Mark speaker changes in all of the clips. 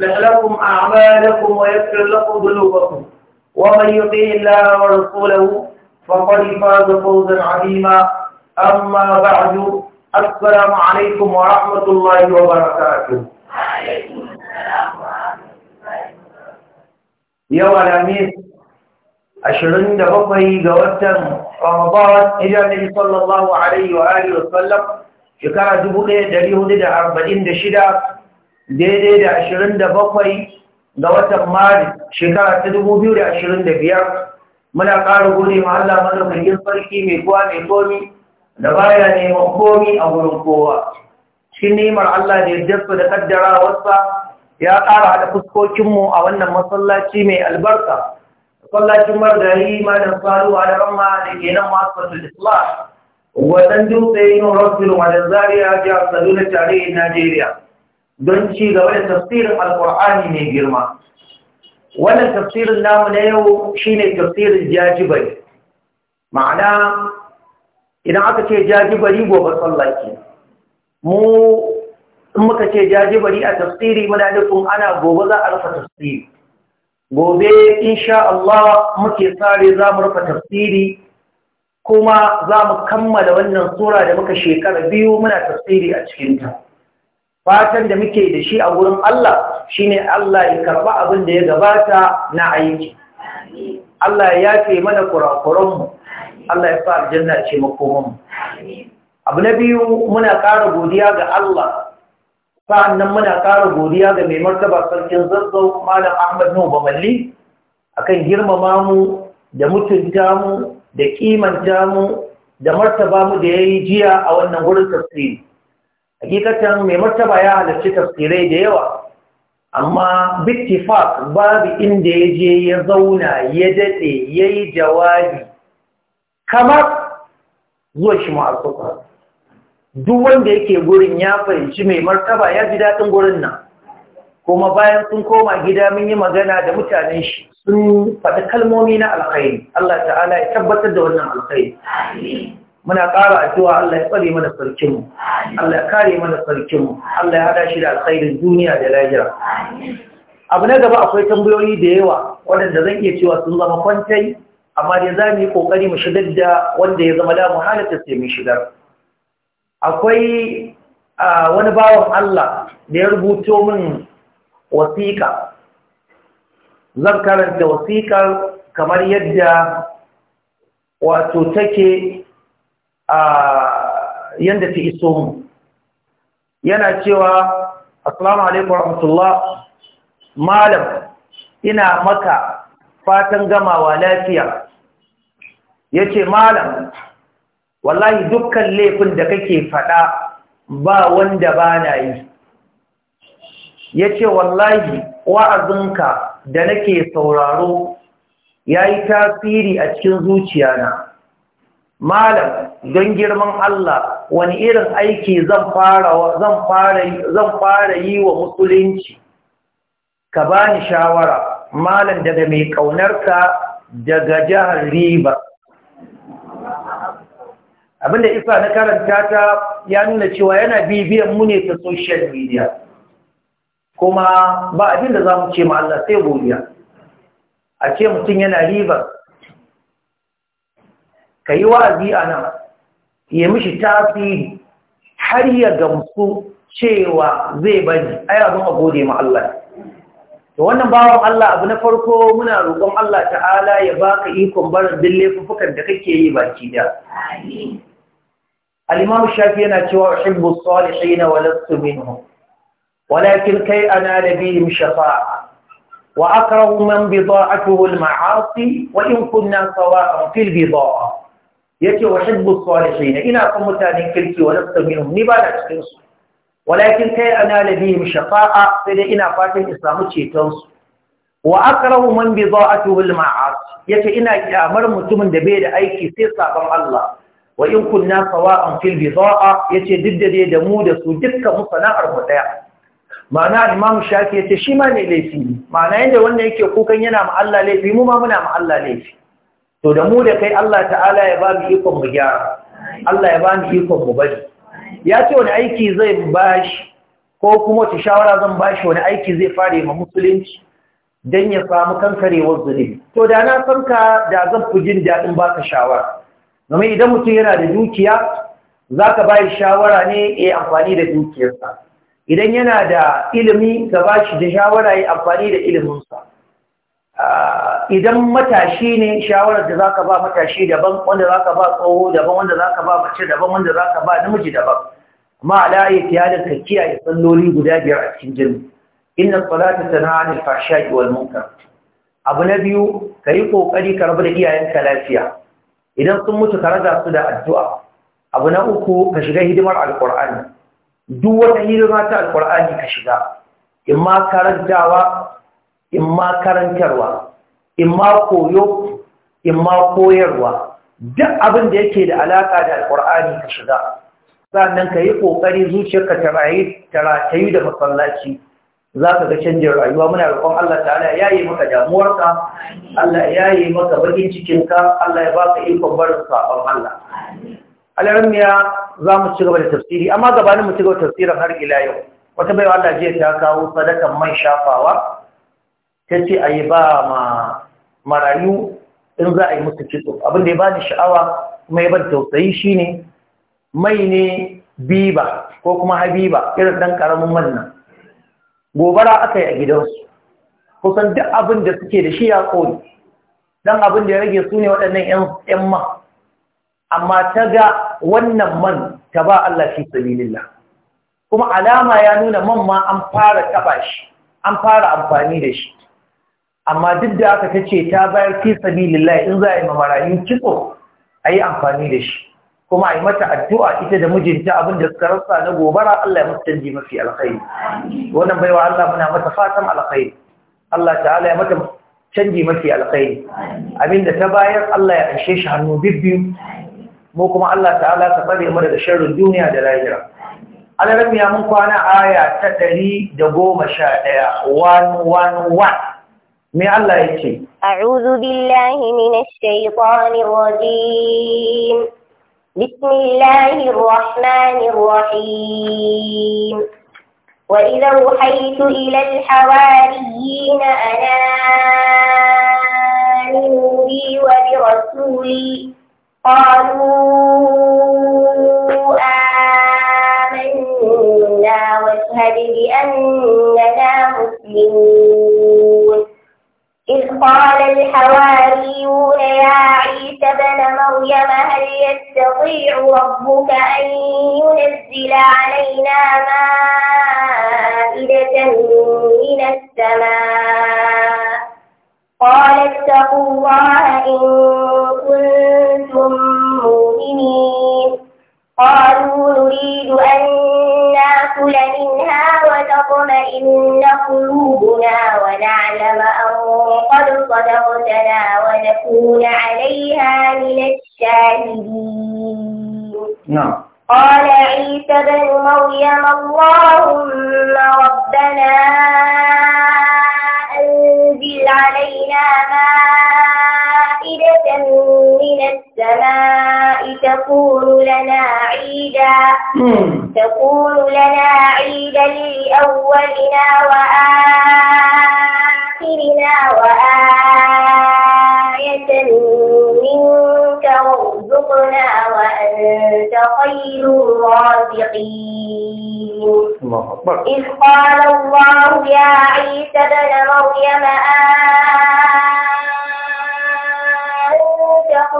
Speaker 1: يصلح لكم أعمالكم ويكفر لكم ذنوبكم ومن يطيع الله ورسوله فقد فاز فوزا عظيما أما بعد السلام عليكم ورحمة الله وبركاته يا ولامين أشرن دبقي جوتم رمضان إلى النبي صلى الله عليه وآله وسلم شكرا دبقي دليل دا أربعين دشدا daidai da ashirin da bakwai ga watan maris shekara ta dubu biyu da ashirin da biyar muna ƙara gode ma Allah madaukakin sarki mai kowa mai komi da baya mai komi a wurin kowa shi nemar Allah da yaddafa da kaddara wasa ya ƙara haɗa fuskokinmu a wannan masallaci mai albarka masallacin margari malam faru a daren ma da ke nan masu islam wadan dutse yin rosville zariya zaria jihar kaduna tarihin najeriya don ci gaba da tafsirin alƙur'ani mai girma wannan tafsirin namu na yau shine tafsirin jajibari ma'ana idan aka ce jajibari gobe tsallaki mu in muka ce jajibari a tafsiri muna nufin ana gobe za a rufe tafsiri gobe insha Allah muke tsari za mu rufe tafsiri kuma za mu kammala wannan sura da muka shekara biyu muna tafsiri a cikinta fatan da muke da shi a wurin Allah shi ne Allah ya karɓa abin da ya gabata na aiki Allah ya yafe mana kurakuranmu Allah ya fara jirna ce makomanmu abu na biyu muna ƙara godiya ga Allah sa'annan muna ƙara godiya ga mai martaba sarkin zazzau malam Ahmad Nuhu Bamalli akan girmama mu da mutunta mu da ƙimanta mu da martaba mu da ya yi jiya a wannan wurin tafsiri hakikatan mai martaba ya halarci tafsirai da yawa amma bittifak babu inda ya je ya zauna ya daɗe ya yi jawabi kamar zuwa shi ma'arkuka duk wanda yake gurin ya fahimci mai martaba ya ji daɗin gurin nan kuma bayan sun koma gida mun yi magana da mutanen shi sun faɗi kalmomi na alkhairi Allah ta'ala ya tabbatar da wannan
Speaker 2: alkhairi
Speaker 1: muna ƙara a cewa Allah ya tsare mana sarkinmu, Allah ya kare mana sarkinmu, Allah ya haɗa shi da alkhairin duniya da lahira abu na gaba akwai tambayoyi da yawa waɗanda zan iya cewa sun zama kwantai amma dai za mu yi ƙoƙari mu shigar da wanda ya zama damu halatta sai mu shigar akwai wani bawan Allah da ya rubuto min wasiƙa zan karanta wasiƙar kamar yadda wato take yanda ta iso mu yana cewa assalamu alaikum warahmatullah malam ina maka fatan gamawa lafiya yace malam wallahi dukkan laifin da kake fada ba wanda bana yi yace wallahi wa'azinka da nake sauraro yayi tasiri a cikin zuciyana malam don girman Allah wani irin aiki zan fara yi wa musulunci ka bani shawara malam daga mai ƙaunarka daga jihar riba abinda isa na karanta ta ya nuna cewa yana bibiyan mu ne ta social media kuma ba abinda za mu ce ma Allah sai godiya a ce mutum yana riba ka yi wa'azi a nan ya mishi tafiri har ya gamsu cewa zai bari Aya zama gode ma Allah da wannan bawan Allah abu na farko muna roƙon Allah ta'ala ya baka ikon barin duk laifukan da kake yi baki da alimam Shafi yana cewa wa as-salihin na lastu minhum walakin kai ana nabiyyin shafa'a wa akrahu man bida'atuhu al-ma'asi wa in kunna a fil bida'a yace wa hibbu salihin ina son mutanen kirki wa nasta minhum ni ba da cikin su walakin kai ana labihim shafa'a sai dai ina fatan in samu ceton su wa akrahu man bi da'atuhu maas yace ina kyamar mutumin da bai da aiki sai sabon Allah wa in kunna sawa'an fil bida'a yace duk da da mu da su dukkan mu sana'ar mu daya ma'ana imamu shafi ya ce shi ma ne laifi ma'ana yadda wannan yake kukan yana ma'alla laifi mu ma muna allah laifi to da mu da kai Allah ta'ala ya ba mu ikon mu gyara Allah ya ba mu ikon mu bari ya ce wani aiki zai bashi ko kuma wata shawara zan bashi wani aiki zai yi ma musulunci don ya samu kankarewar zunubi to da na san ka da zan fi jin daɗin ka shawara domin idan mutum yana da dukiya za zaka bai shawara ne ya amfani da dukiyarsa idan yana da ilimi ka ba shi da shawara ya amfani da iliminsa ah, idan matashi ne shawarar da zaka ba matashi daban wanda ka ba tsoho daban wanda ka ba mace daban wanda ka ba namiji daban amma ala ayyati halin ka kiyaye salloli guda biyar a cikin jirgi inna salata tana anil fahsha'i munkar abu na biyu ka yi kokari ka rabu da iyayenka lafiya idan sun mutu ka raza su da addu'a abu na uku ka shiga hidimar alkur'ani duk wata hidima ta alkur'ani ka shiga ma karantawa ma karantarwa in ma koyo in ma koyarwa duk abin da yake da alaƙa da Alƙur'ani ka shiga sannan ka yi ƙoƙari zuciyarka ta ratayu da masallaci za ka ga canjin rayuwa muna roƙon Allah ta'ala ya yi maka damuwarka Allah ya yi maka bakin cikinka Allah ya baka ikon barin sabon Allah alarmiya za mu ci gaba da tafsiri amma gabanin mu ci gaba tafsirin har ila yau wata baiwa Allah jiya ta kawo sadakan mai shafawa ta ce a yi ba ma marayu in za a yi musu kitso abin da ya bani sha'awa kuma ya ban tausayi shi ne mai ne biba ko kuma habiba irin ɗan ƙaramin manna gobara aka yi a gidansu kusan duk abin da suke da shi ya koli don abin da ya rage su ne waɗannan yan ma amma ta ga wannan man ta ba Allah fi sabilillah kuma alama ya nuna man ma an fara taɓa shi an fara amfani da shi amma duk da aka ce ta bayar fi in za a yi marayu kitso a yi amfani da shi kuma a yi mata addu'a ita da mijinta abin da suka rasa na gobara Allah ya canji mafi alkhairi wannan baiwa Allah muna mata fatan alkhairi Allah ta'ala ya mata canji mafi alkhairi abinda ta bayar Allah ya anshe shi hannu bibbiyu mu kuma Allah ta'ala ta bare mu da sharrin duniya da lahira an rabiya mun kwana aya ta 111 111 أعوذ
Speaker 2: بالله من الشيطان الرجيم بسم الله الرحمن الرحيم وإذا أوحيت إلى الحواريين أنا بي وبرسولي قالوا آمنا واشهد بأننا مسلمون إذ قال الحواريون يا عيسى بن مريم هل يستطيع ربك أن ينزل علينا مائدة من السماء قال اتقوا الله إن كنتم مؤمنين قالوا نريد أن تطمئن قلوبنا ونعلم أن قد صدقتنا ونكون عليها من الشاهدين نعم
Speaker 1: قال عيسى بن مريم اللهم ربنا
Speaker 2: أنزل علينا ما تقول لنا عيدا تقول لنا عيدا لأولنا وآخرنا وآية منك وارزقنا وأنت خير الرازقين إذ قال الله يا عيسى بن مريم آه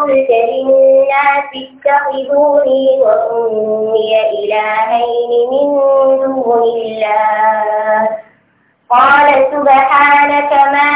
Speaker 2: قلت للناس اتخذوني وأمي إلهين من دون الله قال سبحانك ما